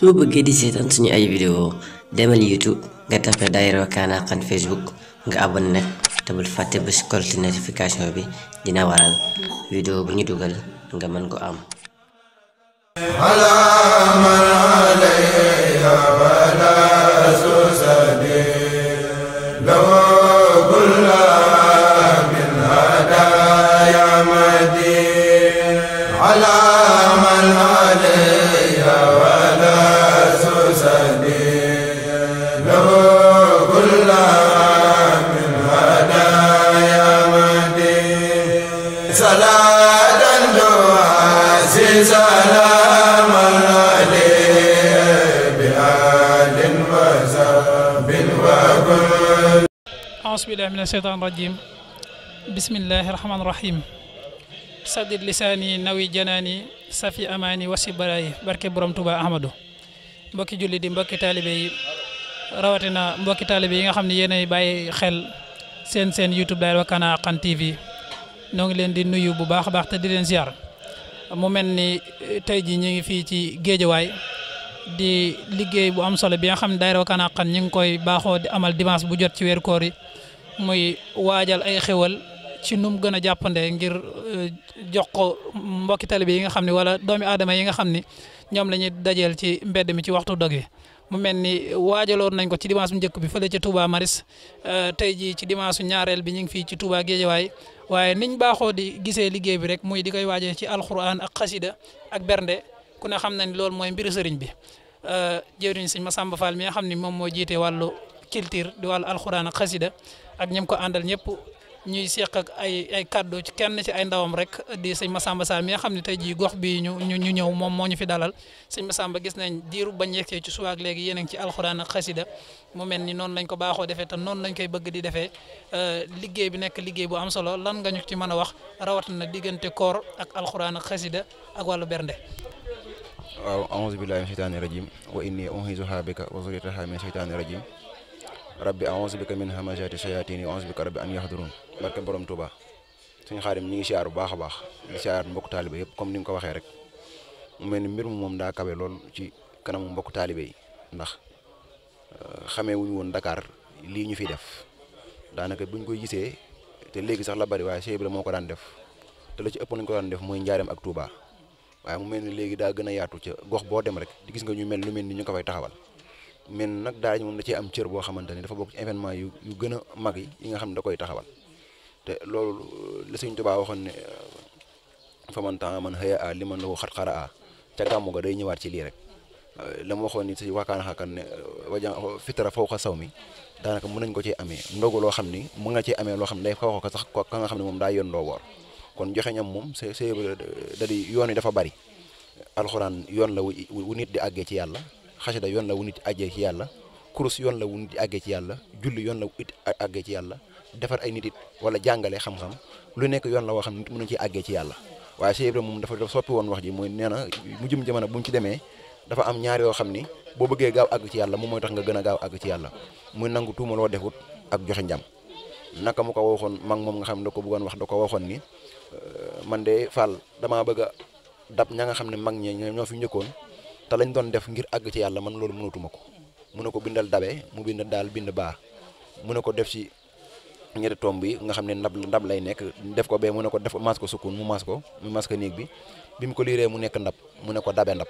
soo bëggee di seetaan suñu ay vidéo demal youtube nga tappe daayira Wakana Haqqan facebook nga abonné nag te fàtte ba si kolti notification bi dina waral vidéo bu ñu dugal nga mën ko am ausbillahi min asheytan rajim bismillahi rahmani rahim sadid lisaani nawi janaani safi amaani wasi baraayi barke borom Touba Ahmadou mbokki julli di mbokki taalibe yi rawatina mbokki taalibe nga xam ne yéenay bàyyi xel seen seen YouTube daal Wakana Haqqan TV noo ngi leen di nuyu bu baax a baax te di leen ziar mu mel ni eh, tey jii ñu ngi fii ci géejawaay di liggéey bu am solo bi nga xam ne daayira ñu ngi koy baaxoo di amal dimanche bu jot ci weeru koor yi muy waajal ay xewal ci nu mu gën a jàppande ngir euh, jox ko mbokki talibe yi nga xam ne wala doomi aadama yi nga xam ni ñoom lañuy ñuy dajeel ci mbedd mi ci waxtu dog wi mu mel ni waajaloon nañ ko ci dimanche bu njëkk bi fële ci Touba Maris euh, tey jii ci dimanche ñaareel bi ñu ngi fii ci Touba Géejawaay waaye niñ baaxoo di gisee liggéey bi rek muy di koy waajee ci alxuraan ak xasida ak bernde ku ne xam nañ ni loolu mooy mbiru sëriñ bi euh, jëriñ sëñ Massamba Fall mi nga xam ni moom mooy jiite wàllu culture di wàllu alxuraan ak xasida ak ñim ko àndal ñëpp ñuy seq ak ay ay kàddu ci kenn ci ay ndawam rek di sëñ Massamba Sarr mi nga xam ne tey gox bi ñu ñu ñëw moom moo fi dalal sëñ Massamba gis nañ diiru bañ yegsee ci suwaak léegi yéen a ngi ci alxuraan ak xasida mu mel ni noonu lañ ko baaxoo defee te noonu lañ koy bëgg di defee liggéey bi nekk liggéey bu am solo lan nga ñu ci mën a wax rawatina diggante koor ak alxuraan ak ak wàllu bernde. waaw auzu billahi min shaytaani rajim wa inni uhizuha bika wa zurriyataha rabbi a'uuzu bika min hamazaati sayaatiin wa a'uuzu bika rabbi an yahduruun barke borom Touba suñu xaadim ñi ngi siyaar bu baax a baax di siyaar mbokk taalibe yëpp comme ni mel ni mbir moom daa kawe lool ci kanamu mbokk taalibe yi ndax euh, xamee wuñu woon ndakaar lii ñu fi def daanaka buñ koy gisee te léegi sax la bari waaye Cheikh Ibrahima moo ko daan def te la ci ëpp nañ ko daan def mooy njaareem ak Touba waaye mu mel ni léegi daa gën a yaatu ca gox boo dem rek di gis nga ñu mel lu mel ni ñu ko koy taxawal men nag daara ji moom da cee am cër boo xamante ni dafa bokk ci événement yu yu gën a mag yi yi nga xam ne da koy taxawal te loolu la Sëriñ Tuubaa waxoon ne fa man temps man xëya a li man la ko xat-xara a ca gàmmu ga day ñëwaat ci lii rek la mu waxoon ni si waakaan xakan ne wajan fitara foo saw mi daanaka mën nañ ko ci amee ndogu loo xam ne mën nga ci amee loo xam ne day xaw ko sax ka nga xam ne moom daa yoon loo woor kon joxe ñam moom c'est c'est yoon yi dafa bari alxuraan yoon la wu nit di àggee ci yàlla xasida yoon la wu nit àggee ci yàlla kurus yoon la wu nit àggee ci yàlla julli yoon la wu it àggee ci yàlla defar ay nit it wala jàngale xam-xam lu nekk yoon la woo xam nit mën na ci àggee ci yàlla waaye moom dafa dafa soppi woon wax ji mooy nee na mu jëm jamono bu mu ci demee dafa am ñaar yoo xam ni boo bëggee gaaw àgg ci yàlla moom mooy tax nga gën a gaaw àgg ci yàlla muy nangu loo defut ak joxe njam naka mu ko waxoon mag moom nga xam ne da ko bëggoon wax da ko waxoon ni äh, man de Fall damaa bëgg a dab ña nga xam ne mag ñe ñoo fi ñëkkoon ta lañ doon def ngir ag ci yalla man loolu mënatuma ko mu bindal dabe mu bind dal bind baa mu def ci ñetti tombi nga xamné ndab ndab lay nek def ko bee def masque sukun mu masque mu masque ko bi bi ko liré mu nek ndab mu dabé ndab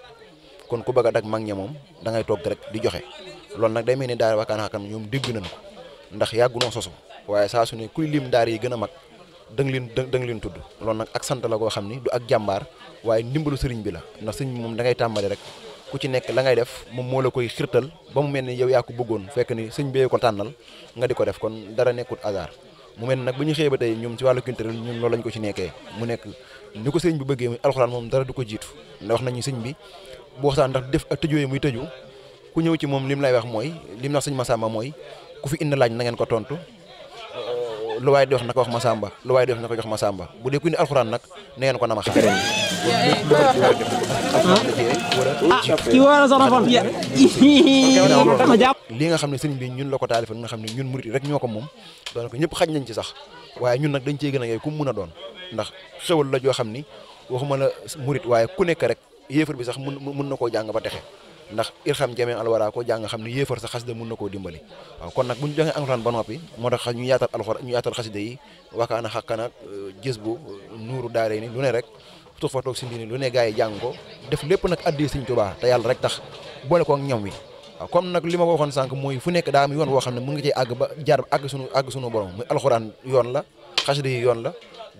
kon ku bëgg dag mag ña moom da ngay tok rek di joxé lool nak day mel daara Wakana Haqqan ñoom degg nañ ko ndax yàggunoo sosu waaye saa su ne kuy lim daar yi gëna mag dang leen dang leen tudd lool nak ak sante la go xamni du ak jambar waye ndimbalu serigne bi la ndax serigne mom da ngay tambali rek ku ci nekk la ngay def moom moo la koy xirtal ba mu mel ni yow yaa ko bëggoon fekk ni sëñ bee ko tànnal nga di ko def kon dara nekkut hasard mu mel ni nag bu ñu xëyee ba tey ñoom ci wàllu culturel ñun loolu lañ ko ci nekkee mu nekk ni ko sëñ bi bëggee muy alxuraan moom dara du ko jiitu ndax wax nañu sëñ bi bu waxtaan ndax def ak tëjooyee muy tëju ku ñëw ci moom lim lay wax mooy lim na sëñ ma Massamba mooy ku fi indi laaj na ngeen ko tontu lu waaye di wax na ko wax ma sàmba lu waay di wax na ko jox ma sàmba bu dee ku indi alxuraan nag na ko nama ma lii nga xam ne sëriñ bi ñun la ko taalifal nga xam ne ñun murit rek ñoo ko moom doon ko ñëpp xaj nañ ci sax waaye ñun nag dañ cey gën a yooyu ku mun a doon ndax xewal la joo xam ni waxuma la murit waaye ku nekk rek yéefar bi sax mun mun na koo jàng ba texe ndax irxam jamee alwara ko jàng xam ne yéefar sa xasida mun na koo dimbali waaw kon nag bu ñu joxee alxuraan ba noppi moo tax ñu yaatal alxuraan ñu yaatal xasida yi wakaana xaqan ak bu nuuru daaree ni lu ne rek tuux fa toog si lu ne gars yi jàng ko def lépp nag addi Sëriñ Tuubaa te yàlla rek tax boole ko ak ñam wi waaw comme nag li ma waxoon sànq mooy fu nekk daa am yoon woo xam ne mu ngi cee àgg ba jaar àgg sunu àgg sunu borom muy alxuraan yoon la xasida yi yoon la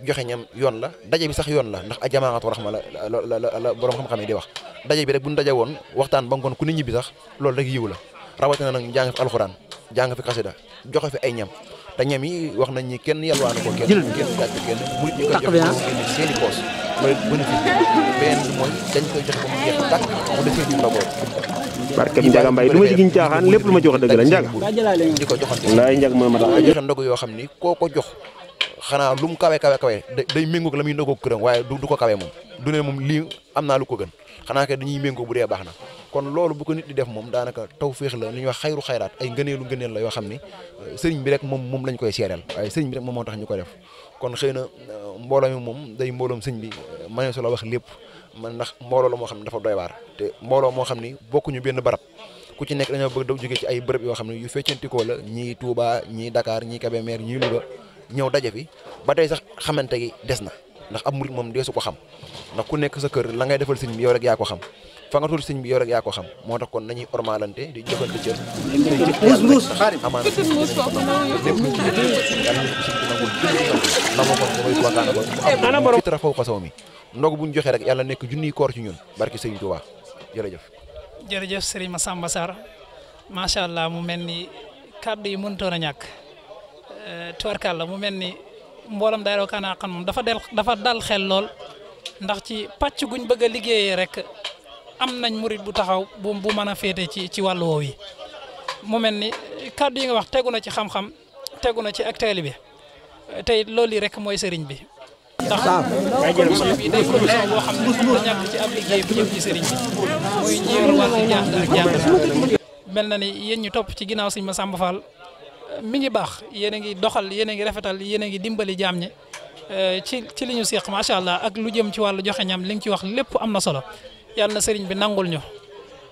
joxe ñam yoon la daje bi sax yoon la ndax ajamaatu jamaatu la la borom xam-xam di wax daje bi rek bu ñu won waxtaan ba ngon ku nit bi sax loolu rek yiwu la rawatina nag jàng fi alquran jang fi qasida joxe fi ay ñam te ñam yi wax nañ ni kenn yalwaanu ko kenn kenn gàcc kenn murit ñu ah. ko joxe seeni poos moy bénéfice beneen ben moy dañ koy joxe ko mu jeex tak mu defee ñu ndogoor barke Njaga Mbay du ci giñ caaxaan lepp luma ci wax la Njaga di ko joxante laay Njaga mooy joxe ndog yo xamni koko jox xanaa lu mu kawe kawe kawe day méngoog la muy koo këram waaye du ko kawe moom du moom lii am naa lu ko gën xanaa kay dañuy méngoo bu dee baax na kon loolu bu ko nit di def moom daanaka taw féex la li ñuy wax xayru xayraat ay ngëneelu ngëneel la yoo xam ni euh, sëriñ bi rek moom moom lañ koy seereel waaye sëriñ bi moom moo tax ñu ko def kon xëy na euh, mbooloo mi moom day mbooloom sëñ bi euh, manee su la wax lépp man nax mbooloo la moo xam ne dafa doy baar te mbooloo moo xam ni bokkuñu benn barab ku ci nekk dañoo bëgg daw jógee ci ay bërëb yoo xam ne yu feccantikoo la ñii Touba ñii Dakar ñii Kébémer ñii Louga ñew jadi, bi ba tey sax xamanté gi des na ndax mourid mom dé su ko xam ndax ku nekk sa kër la ngay défal sëñ bi yow rek ya ko xam fa nga tudd sëñ bi yow rek ya ko xam moo tax kon nañuy ormalante di joxante Jadi jadi muus amaan lépp ndog buñ joxe rek yàlla nekk junniy koor ci ñun barki sëñ allah mu melni kaddu kàddu yi mënutoon a Euh, tuwarkaal mu mel ni mboolam daayira Wakana moom dafa del dafa dal xel lool ndax ci pàcc guñ bëgg a liggéeyee rek am nañ murit bu taxaw bu bu mën a féete ci ci wàllu woow yi mu mel ni kàddu yi nga wax tegu na ci xam-xam tegu na ci ak bi te it rek mooy sëriñ bi. ndax mel na ni yéen ñu topp ci ginnaaw sëñ Massamba Fall mi ngi baax yéen a ngi doxal yéen a ngi rafetal yéen a ngi dimbali jaam ñi eh, ci ci li ñu seeq macha allah ak lu jëm ci wàllu joxe ñam li nga ci wax lépp am na solo yal na sëriñ bi nangul ñu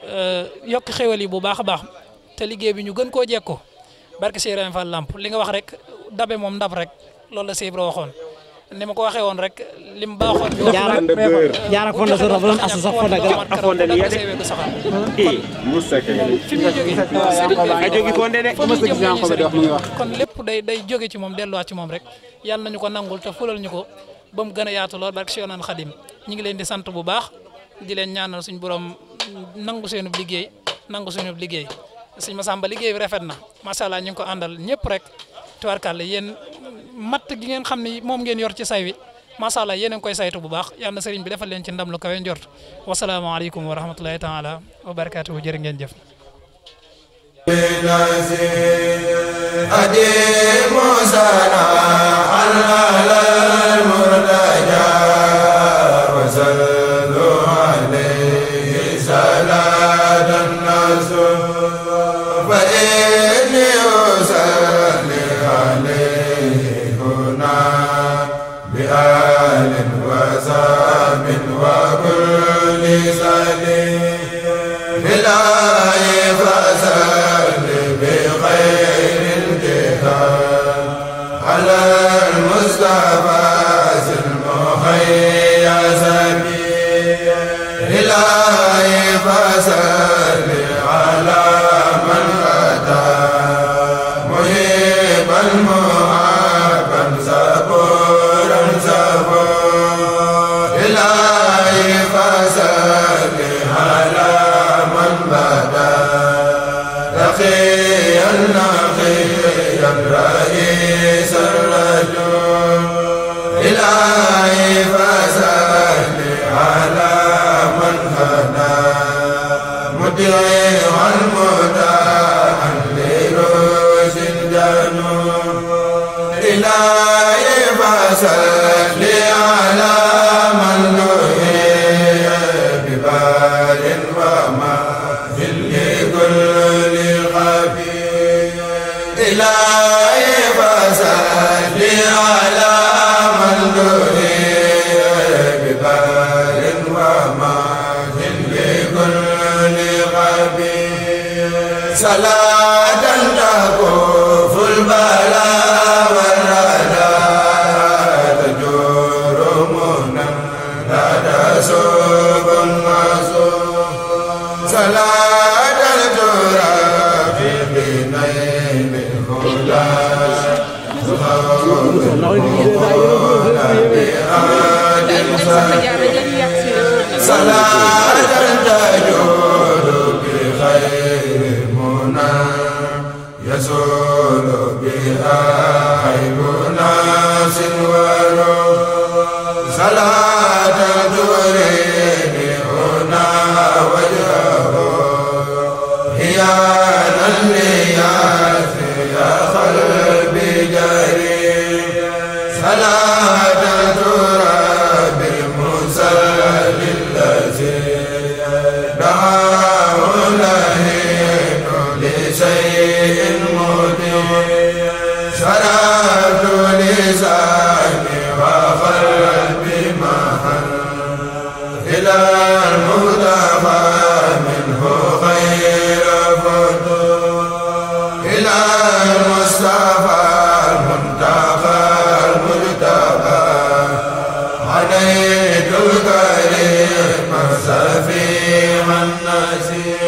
eh, yokk xéwal bu baax a baax te liggéey bi ñu gën koo jekko barke Cheikh Ibrahima Fall Lamp li nga wax rek dabe moom ndab rek loolu la Cheikh Ibra waxoon ni ma ko waxee woon rek lim baaxoon. jaara fonda so rafa doon asa sax fonda gala a fonda ni yade i musa ka a jógi fonde de kon lépp day day jóge ci moom delluwaat ci moom rek yàlla nañu ko nangul te fulal ñu ko ba mu gën a yaatu lool barke si yoonaan xadim ñu ngi leen di sant bu baax di leen ñaanal suñu borom nangu seenub liggéey nangu seenub liggéey sëñ Massamba liggéey bi rafet na macha allah ñu ngi ko àndal ñëpp rek tubaarkàlla yéen matt gi ngeen xam ni moom ngeen yor ci say wi macha allah yéen a ngi koy saytu bu baax yal na sëriñ bi defal leen ci ndam lu kawe njort wasalaamaaleykum wa rahmatulahi taala wa barakaatuhu jërë ngeen jëf. أدي موسى على la Brazil.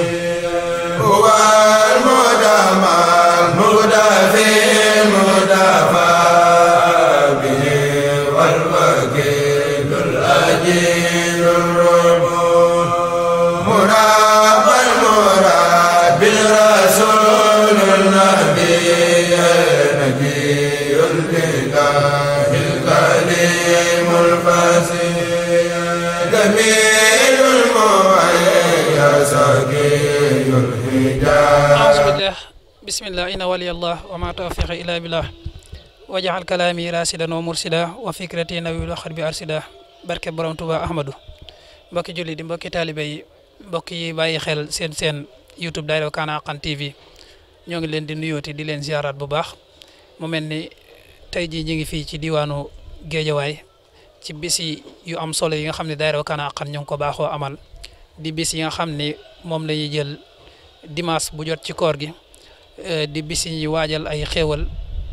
Bismillah inna wali Allah wa ma tawfiqi ila billah wa ja'al kalami rasidan wa mursida wa fikrati nawil akhir bi arsida barke borom tuba ahmadu mbokki julli di mbokki talibe yi mbokki yi baye sen sen youtube dairo kana tv ñogi len di nuyoti di len ziarat bu baax mu melni tay ji ñi ngi fi ci diwanu geedja way ci bisi yu am solo yi nga xamni dairo kana khan amal di bisi yi nga xamni mom lañuy jël dimanche Eh, di bis yi waajal ay xewal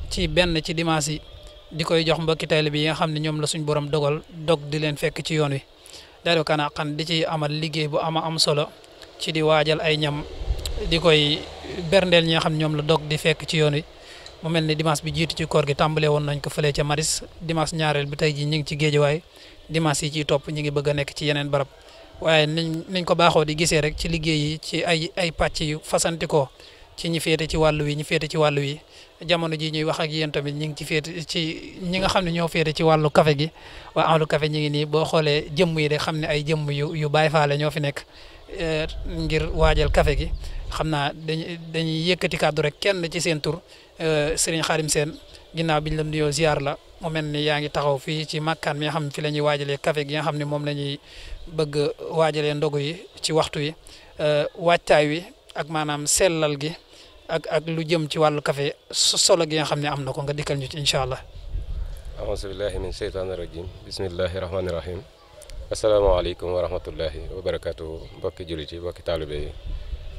ci benn ci dimanche di koy jox mbokki taalibe bi yi nga xamni ne la suñu borom dogal dog di len fekk ci yoon wi daal kan xan di ci amal liggey bu ama am solo ci di waajal ay ñam di koy berndel ñi nga xam ñom la dog di fekk ci yoon wi mu melni ni dimanche bi ci koor gi tambale won nañ ko fele ci maris dimanche ñaarel bi tay ji ñu ci ci way dimanche yi ci topp ñu ngi bëgg nekk ci yenen barab waye niñ niñ ko baxo di gisee rek ci liggey yi ci ay ay patch yu ko ci ñi féete ci wàll wi ñi féete ci wàll wi jamono ji ñuy wax ak tamit ñi ngi ci féete ci ñi nga xam ne ñoo féete ci wàllu kafe gi waa ahlu kafe ñi ngi nii boo xoolee jëmm yi de xam ne ay jëmm yu yu Baay Faal ñoo fi nekk eh, ngir waajal kafe gi xam naa dañuy dañuy yëkkati kàddu rek kenn ci seen tur eh, Serigne Xarim Sène ginnaaw biñ la nuyoo ziar la mu mel ni yaa ngi taxaw fii ci makkaan mi nga xam ne la ñuy waajalee café gi xam ne moom lañuy bëgg waajalee ndogu yi ci waxtu yi eh, waajtaay wi ak maanaam sellal gi ak ak lu jëm ci wàllu café solo gi nga xam ne am na ko nga dikkal ñu ci incha allah aousu billahi min sheytaani rajim bismillahi rahmaani rahim asalaamaaleykum wa rahmatullahi wa barakatuh mbokki jullit yi mbokki taalibe yi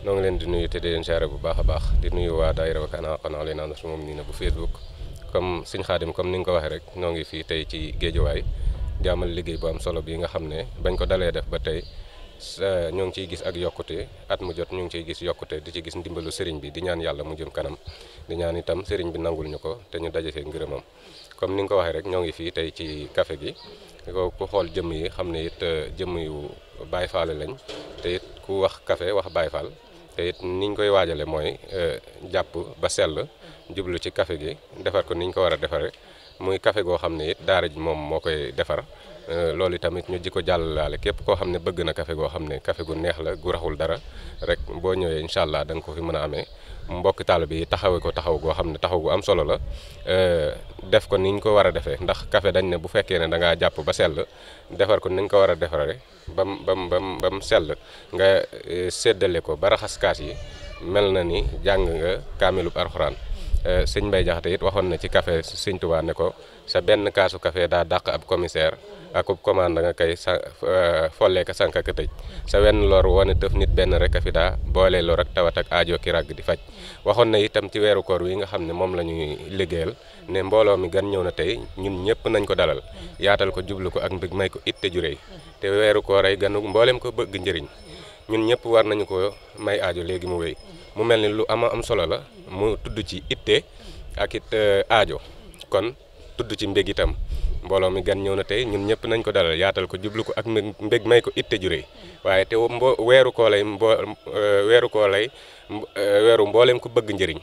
noo ngi leen di nuyu te di leen siyaare bu baax a baax di nuyu waa daayira Wakana Haqqan Alaynaa Nasrul Mu'miniina bu Facebook comme Sëñ Xaadim comme ni nga ko waxee rek noo ngi fii tey ci géejuwaay di liggéey bu am solo bii nga xam ne bañ ko dalee def ba tey ñoo ngi ciy gis ak yokkute at mu jot ñu ngi ciy gis yokkute di ci gis ndimbalu sëriñ bi di ñaan yàlla mu jëm kanam di ñaan itam sëriñ bi nangul ñu ko te ñu daje see ngërëmam comme ni nga ko waxee rek ñoo ngi fii tey ci kafe gi ku xool jëmm yi xam ne it euh, jëm yu Baay Faal lañ te it ku wax kafe wax Baay Faal te it niñ koy waajale mooy euh, jàpp ba sell jublu ci kafe gi defar ko niñ ko war a defare muy kafe goo xam ne it daara ji moom moo koy defar Euh, loolu tamit ñu ji ko jàllale képp koo xam ne bëgg na kafe goo xam ne kafe gu neex la gu raxul dara rek boo ñëwee incha allah da nga ko fi mën a amee mbokk taalibe yi taxawee ko taxaw goo xam ne taxaw gu am solo la euh, def ko ni ñu ko war a defee ndax kafe dañ ne bu fekkee ne da jàpp ba sell defar ko ni nga ko war a defaree ba mu ba mu ba mu sell nga euh, séddale ko ba raxaskaas yi mel na ni jàng nga kaamilub alxuraan Euh, sëñ Mbay Jaxate it waxoon na ci kafe sëñ Tuubaa ne ko sa benn kaasu kafe daa daq ab commissaire akub commande nga koy sa euh, follee ka sànq ak tëj sa wenn lor woone tëf nit benn rek a fi daa boolee lor ak tawat ak aajo ki ràgg di faj waxoon na itam ci weeru koor wi nga xam ne moom la ñuy liggéeyal ne mbooloo mi gan ñëw na tey ñun ñëpp nañ ko dalal yaatal ko jublu ko ak mbig may ko it ju réy te weeru koor ay ganu mbooleem ko bëgg njëriñ ñun ñëpp war nañu ko may aajo léegi mu wéy mu mel ni lu ama am solo la mu tudd ci itte ak it eh, aajo kon tudd ci mbég itam mbooloo mi gan ñëw na tey ñun ñëpp nañ ko dalal yaatal ko jublu ko ak mbég may ko itte ju waaye te mbo weeru koo lay mbo eh, weeru koo lay eh, weeru mbooleem ko bëgg njëriñ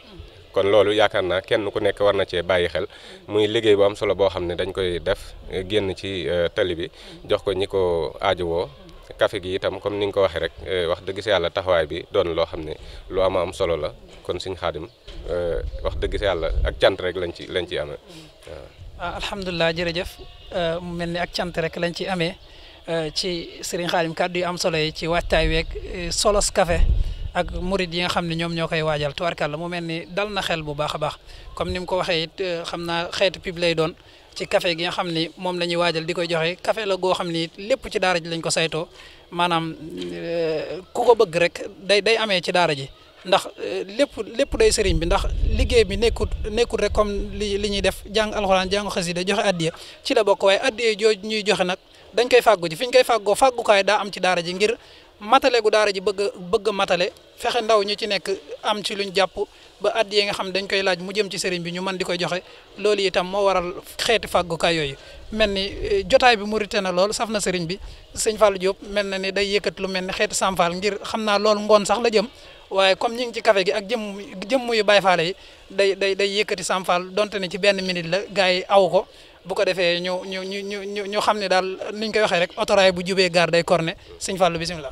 kon loolu yaakaar naa kenn ku nekk war na cee bàyyi xel muy liggéey bu am solo boo xam ne dañ koy def génn ci tali bi jox ko ñi ko aajo woo kafe gi itam comme ni nga ko waxee rek euh, wax dëgg si yàlla taxawaay bi doon loo xam ne lu ama am solo la kon suñ xaadim euh, wax dëgg si yàlla ak cant rek lañ ci lañ ciy amee waaw ah, alhamdulilah jërëjëf euh, mu mel ni ak cant rek lañ ciy amee ci sëriñ xaadim kàddu yi am solo yi ci waajtaay weeg solos kafe ak murid yi nga xam ne ñoom ñoo koy waajal tubarkàlla mu mel ni dal na xel bu baax a baax comme ni mu ko waxee it xam naa xeetu pub lay doon ci kafe gi nga xam ni moom la ñuy waajal di koy joxe café la goo xam ni lépp ci daara ji lañ ko saytoo maanaam euh, ku ko bëgg rek day day amee ci daara ji ndax euh, lépp lépp day sëriñ bi ndax liggéey bi nekkut nekkut rek comme li li ñuy def jàng alxuraan jàng xasida joxe addiya ci la bokk waaye addiya jooj ñuy joxe nag dañ koy fàggu ji fi ñu koy fàggoo fàggukaay daa am ci daara ji ngir matale gu daara ji bëgg bëgg matale fexe ndaw ñu ci nekk am ci luñ jàpp ba at yi nga xam dañ koy laaj mu jëm ci sëriñ bi ñu man di koy joxe loolu itam moo waral xeeti fàggukaay yooyu mel ni eh, jotaay bi murite na lool saf na sëriñ bi sëñ Fallou Diop mel na ni day yëkkat lu mel ni xeeti samfal ngir xam naa loolu ngoon sax la jëm waaye comme ñi ngi ci café gi ak jëmm yu Baay Faal yi day day day yëkkati samfal donte ne ci benn minit la gars yi aw ko bu ko defee ñu ñu ñu ñu ñu xam ne daal niñ koy waxee rek autoraay bu jubee gaar day corne sëñ Fallou la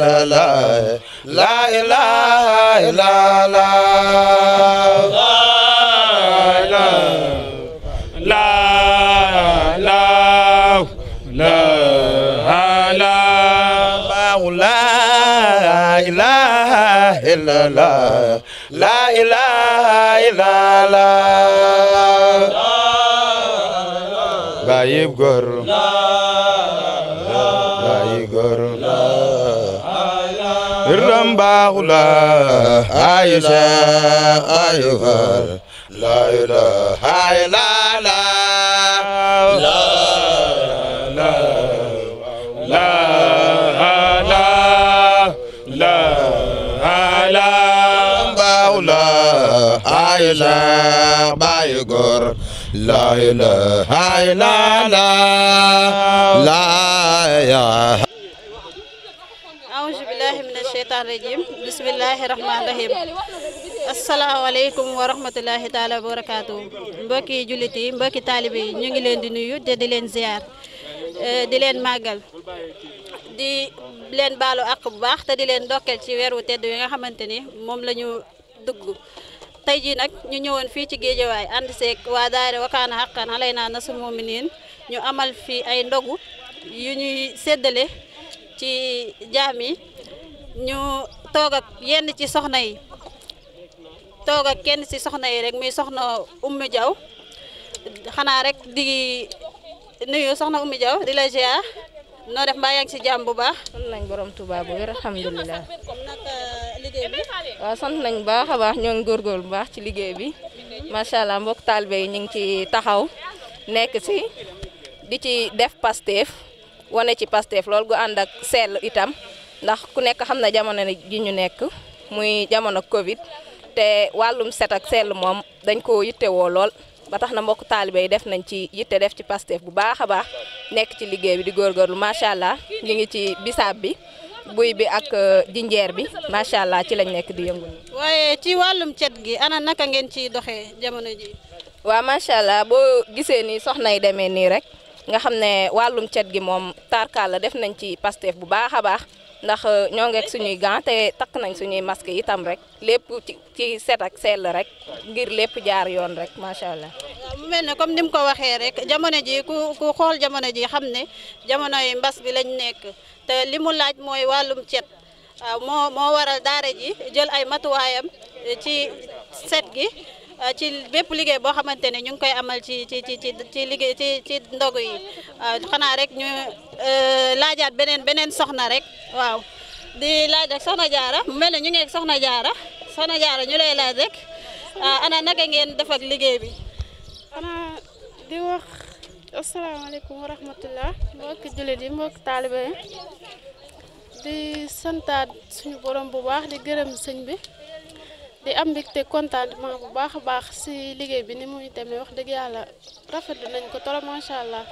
إلا الله لا إله إلا الله إلا الله لا إله إلا الله غايب قر لا رم باغلا عيسى أيها لا إله إلا لا لا لا لا لا لا لا باغلا عيسى بايغور لا إله إلا لا لا seytaan rajim bisimilahi rahmaani rahim asalaamaaleykum wa rahmatulahi taala wa barakaatu mbokki jullit yi mbokki taalibe yi ñu ngi leen di nuyu te di leen ziar eh, di leen màggal di leen baalu àq bu baax te di leen ndokkeel ci weer wu tedd wi nga xamante ni moom la ñu dugg tey jii nag ñu ñëwoon fii ci géejewaay ànd seeg waa daayira wakaana xaqan xalay naa nasu muminin ñu amal fii ay ndogu yu ñuy séddale ci jaam yi ñu toog yenn ci soxna yi toog ak kenn ci soxna yi rek muy soxna Oumy Diaw xanaa rek di nuyu soxna Oumy Diaw di la ziar noo def mbaa yaa ngi ci jàmm bu baax. sant borom Touba bu wér alhamdulilah. naka euh, liggéey bi. waaw sant nañ bu baax a baax ñoo ngi góorgóorlu bu baax ci liggéey bi macha allah mbokk taalibe yi ñu ngi ci taxaw nekk ci di ci def Pastef wane ci Pastef lool gu ànd ak sell itam. ndax ku nekk xam na jamono ji ñu nekk muy jamono Covid te wàllum set ak sell moom dañ ko yitte woo lool ba tax na mbokk taalibe yi def nañ ci yitte def ci Pastef bu baax a baax nekk ci liggéey bi di góorgóorlu macha allah ñu ngi ci bisaab bi buy bi ak euh, jinjeer bi macha allah ci lañ nekk di yëngu. waaye ci wàllum cet gi ana naka ngeen ci doxee jamono ji waaw macha allah boo gisee ni soxna yi demee nii rek nga xam ne wàllum cet gi moom tarkaal la def nañ ci Pastef bu baax a baax. ndax euh, ñoo ngeeg suñuy gants te takk nañ suñuy masques itam rek lépp ci ci set ak sell rek ngir lépp jaar yoon rek macha allah. mu mel ne comme ni ko waxee rek jamono ji ku ku xool jamono ji xam ne jamono jamonoy mbas bi lañ nekk te li mu laaj mooy wàllum cet moo moo waral daare ji jël ay matuwaayam eh, ci set gi. Eh, ci bépp liggéey boo xamante ne ñu ngi koy amal ci ci ci ci liggéey ci ci ndogu yi xanaa rek Euh, laajaat beneen beneen soxna rek waaw di laaj rek soxna jaara mu mel ne ñu ngeeg soxna jaara soxna jaara ñu lay laaj rek ah, ana naka ngeen def ak liggéey bi ana di wax asalaamaaleykum wa rahmatullah mbokki jullit yi mbokki taalibe yi di santaat suñu borom bu baax di gërëm sëñ bi di am mbégte contentement bu baax baax si liggéey bi ni muy demee wax dëgg yàlla rafet rafetlu nañ ko trop macha allah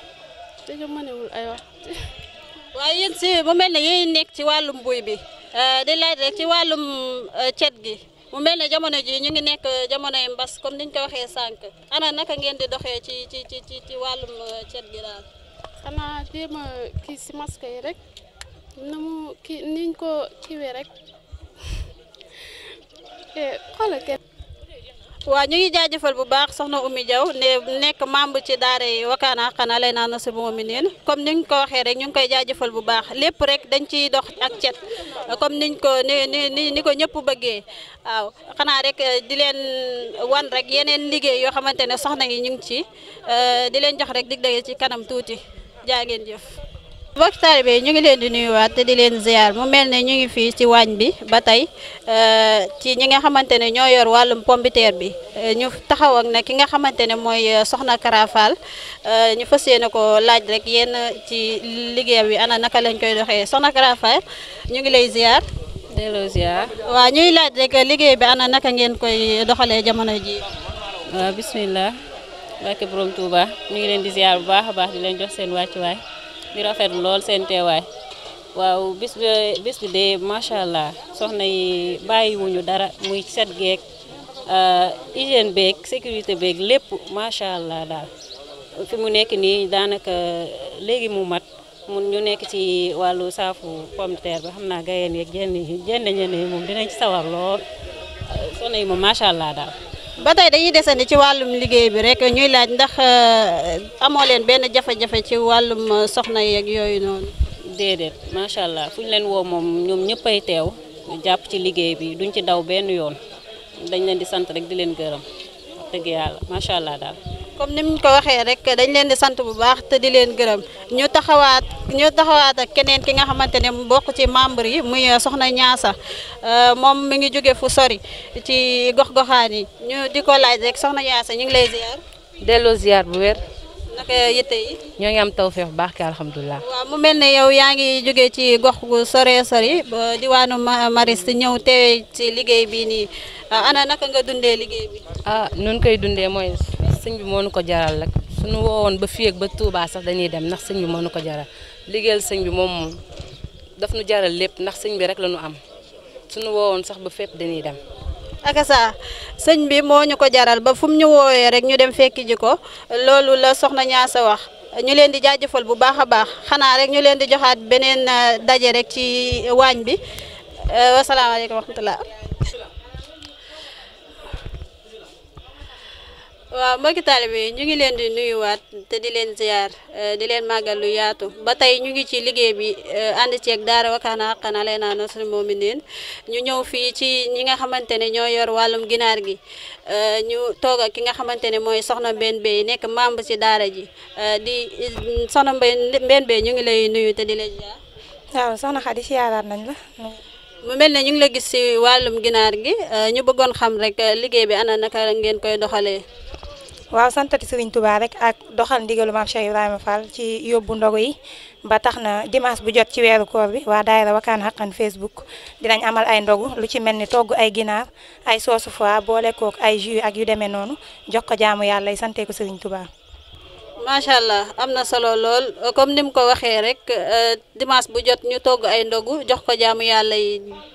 te jo mënewul ay wax waaye yéen si mu mel ne yéen nekk ci wàllum buy bi eh, di laaj rek ci wàllum eh, cet gi mu mel ne jamono ji ñu ngi nekk jamonoy mbas comme niñ ko waxee sànq ana naka ngeen di doxee ci ci ci ci wàllum eh, cet gi daal xanaa jéem kii si maska yi rek na mu kii niñ ko kiiwee rek xoolal kenn waaw ñu ngi jaajëfal bu baax soxna Oumy Diaw ne nekk membre ci daara yi Wakana Haqqan Alaynaa nasrul mu'miniin comme niñ ko waxee rek ñu ngi koy jaajafal bu baax lépp rek dañ ciy dox ak cet comme niñ ko ni ni ni ko ñëpp bëggee waaw xanaa rek euh, di leen wan rek yeneen liggéey yoo xamante ne soxna ngi ñu ngi ci euh, di leen jox rek dig dage ci kanam tuuti jaa ngeen jëf mbokk taalibe ñu ngi leen di nuyuwaat te di leen ziar mu mel ni ñu ngi fii ci waañ bi ba tey euh, ci ñi nga xamante ne ñoo yor wàllum pombiteer bi euh, ñu taxaw ak nag ki nga xamante ne mooy euh, soxna Karafal ñu fas yéene ko laaj rek yenn ci liggéeyam wi ana naka lañ koy doxee soxna Karafal ñu ngi lay ziar. delloo ziar. waaw ñuy laaj rek liggéey bi ana naka ngeen koy doxalee jamono ji waaw bismillah barke borom Touba ñu ngi leen di ziar bu baax a baax di leen jox seen wàcc waay di rafet lool seen teewaay waaw bis bi bis bi de macha allah soxna yi bàyyiwuñu dara muy set geek euh, hygiène beeg sécurité beeg lépp macha allah daal fi mu nekk nii daanaka léegi mu mat mun ñu nekk ci wàllu saafu pomme de terre ba xam naa gayeen yeeg jenn jenn ñenn yi moom dinañ ci sawar lool soxna yi moom macha allah daal. ba tey dañuy desandi ci wàllum liggéey bi rek ñuy laaj ndax euh, amoo leen benn jafe-jafe ci wàllum euh, soxna yeeg yooyu noonu. déedéet macha allah fu ñu leen woo moom ñoom ñëppay teew jàpp ci liggéey bi duñ ci daw benn yoon dañ leen di sant rek di leen gërëm wax dëgg yàlla macha allah daal. comme ni ñu ko waxee rek dañ leen di sant bu baax te di leen gërëm ñu taxawaat ñu taxawaat ak keneen ki nga xamante ne mu bokk ci membre yi muy euh, soxna ñaasa euh, moom mi ngi jóge fu sori ci gox-goxaan yi ñu di ko laaj rek soxna ñaasa ñu ngi lay ziar. delloo ziar bu wér. naka yitte yi. ñoo ngi am tawféex bu baax ki alhamdulilah. waaw mu mel ne yow yaa ngi jóge ci gox gu sore sori ba diwaanu Maris ñëw teewee ci liggéey bi nii euh, ana naka nga dundee liggéey bi. ah koy dundee mooy sëñ bi moo nu ko jaral rek suñu woowoon ba fii ak ba Touba sax dañuy dem ndax sëñ bi moo nu ko jaral liggéeyal sëñ bi moom daf nu jaral lépp ndax sëñ bi rek la ñu am suñu woowoon sax ba fépp dañuy dem. aka sëñ bi moo ñu ko jaral ba fu mu ñu woowee rek ñu dem fekki ji ko loolu la soxna ñaasa wax ñu leen di jaajëfal bu baax a baax xanaa rek ñu leen di joxaat beneen euh, daje rek ci euh, waañ bi euh, wasalaamaaleykum wa rahmatulah waaw mbokki taalibe ñu ngi leen di nuyuwaat te di leen ziar eh, di leen màggal lu yaatu ba tey ñu ngi ci liggéey bi eh, ànd ceeg daara Wakana Haqqan moom nasrul mu'miniin ñu ñëw fii ci ñi nga xamante ne ñoo yor wàllum ginaar gi eh, ñu toog ki nga xamante ne mooy soxna Mbène Bèye nekk membre ci daara ji di soxna Mbène Bèye ñu ngi lay nuyu te di leen ziar. waaw soxna Khady siyaaraat nañ la. mu mel ne ñu ngi la gis si wàllum ginaar gi ñu bëggoon xam rek liggéey bi ana naka ngeen koy doxalee. waaw santati Serigne Touba rek ak doxal ndigalu maam Cheikh Ibrahima Fall ci yóbbu ndogu yi ba tax na dimance bu jot ci weeru koor bi waa daayira Wakana Haqqan Facebook dinañ amal ay ndogu lu ci mel ni togg ay ginaar ay soosu fois boole kook ay jus ak yu demee noonu jox ko jaamu yàlla yi santee ko Serigne tubaa macha allah am na solo lool comme ni mu ko waxee rek euh, dimanche bu jot ñu togg ay ndogu jox ko jaamu yàlla yi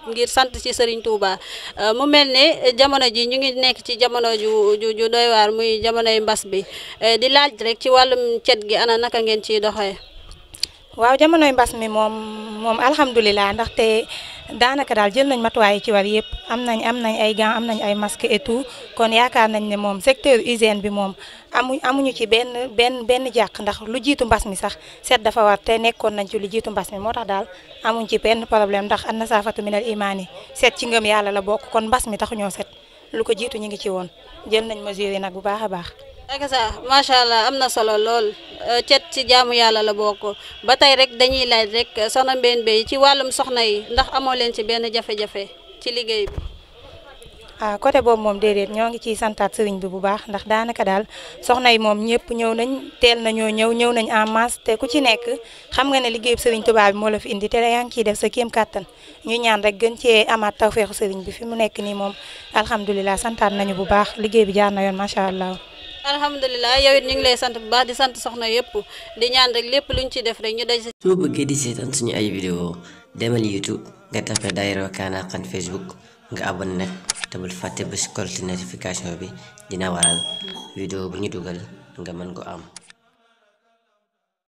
ngir sant ci Serigne Touba euh, mu mel ni jamono ji ñu ngi nekk ci jamono ju ju doy waar muy jamonoy mbas bi euh, di laaj rek ci wàllum cet gi ana naka ngeen ciy doxee. waaw jamonoy mbas mi moom moom alhamdulilah te daanaka daal jël nañ matuwaay ci war yëpp am nañ am nañ ay gants am nañ ay masques et kon yaakaar nañ ne moom secteur hygiène bi moom amu amuñu ci benn benn benn jàq ndax lu jiitu mbas mi sax set dafa war te nekkoon nañ ci lu jiitu mbas mi moo tax daal amuñ ci benn problème ndax an nasaafatu minal imaan yi seet ci ngëm yàlla la bokk kon mbas mi taxuñoo set lu ko jiitu ñu ngi ci woon jël nañ ma yi nag bu baax a baax. ak sa macha allah am na solo lool. Euh, cet ci jaamu yàlla la bokk ba tey rek dañuy laaj rek euh, sona mbenn Bèye ci wàllum soxna yi ndax amoon leen ci benn jafe-jafe ci liggéey bi. ah côté boobu moom déedéet ñoo ngi ciy santaat sëriñ bi bu baax ndax daanaka daal soxna yi moom ñëpp ñëw nañ teel nañoo ñëw ñëw nañ en masse te ku ci nekk xam nga ne liggéeyub sëriñ Tuubaa bi moo la fi indi te yaa ngi ciy def sa kéem kàttan ñu ñaan rek gën cee amaat tawféexu sëriñ bi fi mu nekk nii moom alhamdulilah santaat nañu bu baax liggéey bi jaar na yoon macha allah. alhamdulilah yow it ñu ngi lay sant bu baax di sant soxna yëpp di ñaan rek lépp luñ ci def rek ñu daj. soo bëggee di seetaan suñu ay vidéo demal YouTube nga tapé a Wakana Haqqan Facebook nga abonné nag te bul fàtte ba si collecte notification bi dina waral vidéo bu ñu dugal nga mën ko am.